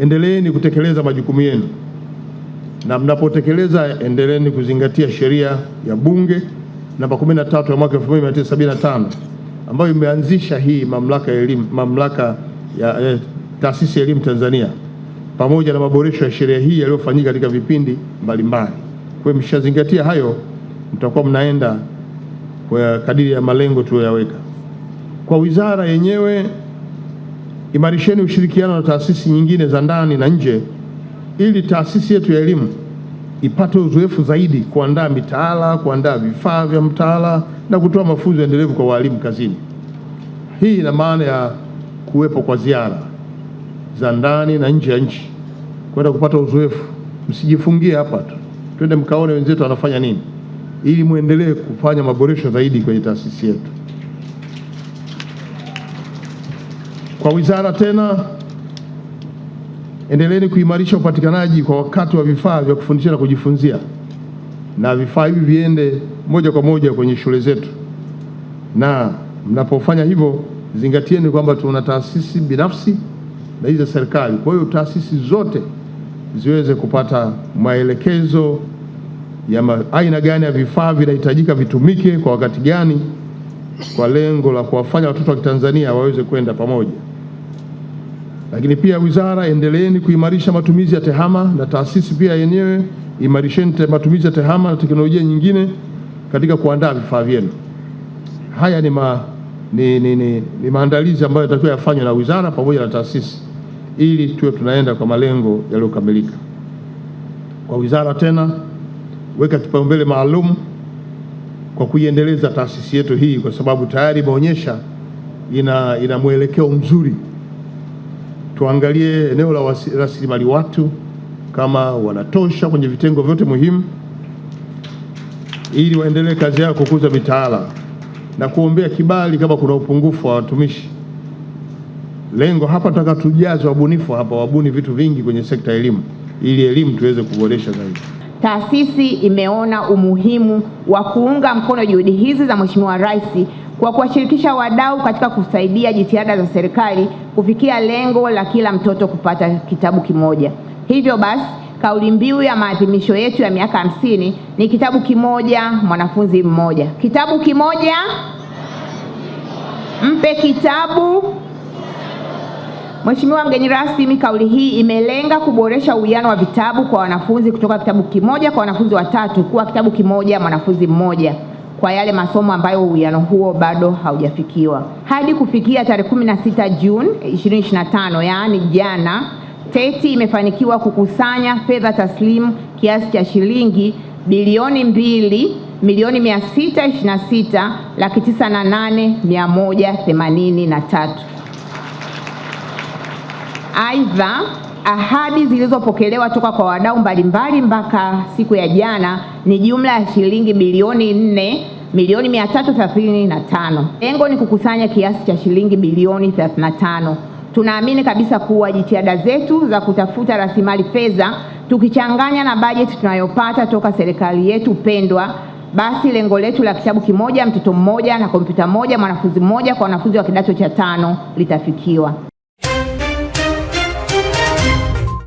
endeleeni kutekeleza majukumu yenu, na mnapotekeleza endeleeni kuzingatia sheria ya Bunge namba 13 ya mwaka 1975 ambayo imeanzisha hii mamlaka ya elimu, mamlaka ya eh, taasisi ya elimu Tanzania pamoja na maboresho ya sheria hii yaliyofanyika katika vipindi mbalimbali. Kwa hiyo mshazingatia hayo, mtakuwa mnaenda kwa kadiri ya malengo tuliyoyaweka. Kwa wizara yenyewe Imarisheni ushirikiano na taasisi nyingine za ndani na nje ili taasisi yetu ya elimu ipate uzoefu zaidi kuandaa mitaala, kuandaa vifaa vya mtaala na kutoa mafunzo endelevu kwa walimu kazini. Hii ina maana ya kuwepo kwa ziara za ndani na nje ya nchi kwenda kupata uzoefu. Msijifungie hapa tu, twende mkaone wenzetu wanafanya nini, ili muendelee kufanya maboresho zaidi kwenye taasisi yetu. Kwa wizara tena, endeleeni kuimarisha upatikanaji kwa wakati wa vifaa vya kufundishia na kujifunzia, na vifaa hivi viende moja kwa moja kwenye shule zetu, na mnapofanya hivyo zingatieni kwamba tuna taasisi binafsi na hizi za serikali. Kwa hiyo taasisi zote ziweze kupata maelekezo ya ma, aina gani ya vifaa vinahitajika vitumike kwa wakati gani, kwa lengo la kuwafanya watoto wa Kitanzania waweze kwenda pamoja. Lakini pia wizara, endeleeni kuimarisha matumizi ya tehama na taasisi pia yenyewe imarisheni matumizi ya tehama na teknolojia nyingine katika kuandaa vifaa vyenu. Haya ni, ma, ni, ni, ni, ni maandalizi ambayo yatakiwa yafanywe na wizara pamoja na taasisi ili tuwe tunaenda kwa malengo yaliyokamilika. Kwa wizara tena, weka kipaumbele maalum kwa kuiendeleza taasisi yetu hii, kwa sababu tayari imeonyesha ina, ina mwelekeo mzuri tuangalie eneo la rasilimali watu kama wanatosha kwenye vitengo vyote muhimu, ili waendelee kazi yao kukuza mitaala na kuombea kibali kama kuna upungufu wa watumishi. Lengo hapa tunataka tujaze wabunifu hapa, wabuni vitu vingi kwenye sekta ya elimu, ili elimu tuweze kuboresha zaidi. Taasisi imeona umuhimu wa kuunga mkono juhudi hizi za Mheshimiwa Rais kwa kuwashirikisha wadau katika kusaidia jitihada za serikali kufikia lengo la kila mtoto kupata kitabu kimoja. Hivyo basi, kauli mbiu ya maadhimisho yetu ya miaka hamsini ni kitabu kimoja mwanafunzi mmoja. Kitabu kimoja mpe kitabu Mheshimiwa mgeni rasmi, kauli hii imelenga kuboresha uwiano wa vitabu kwa wanafunzi kutoka kitabu kimoja kwa wanafunzi watatu kuwa kitabu kimoja mwanafunzi mmoja kwa yale masomo ambayo uwiano huo bado haujafikiwa hadi kufikia tarehe 16 Juni 2025, yaani jana, TETI imefanikiwa kukusanya fedha taslimu kiasi cha shilingi bilioni mbili milioni mia sita ishirini na sita laki tisa na nane mia moja themanini na tatu. Aidha, ahadi zilizopokelewa toka kwa wadau mbalimbali mpaka siku ya jana ni jumla ya shilingi bilioni nne milioni mia tatu thelathini na tano. Lengo ni kukusanya kiasi cha shilingi bilioni tano. Tunaamini kabisa kuwa jitihada zetu za kutafuta rasilimali fedha tukichanganya na bajeti tunayopata toka serikali yetu pendwa, basi lengo letu la kitabu kimoja mtoto mmoja na kompyuta moja mwanafunzi mmoja kwa wanafunzi wa kidato cha tano litafikiwa.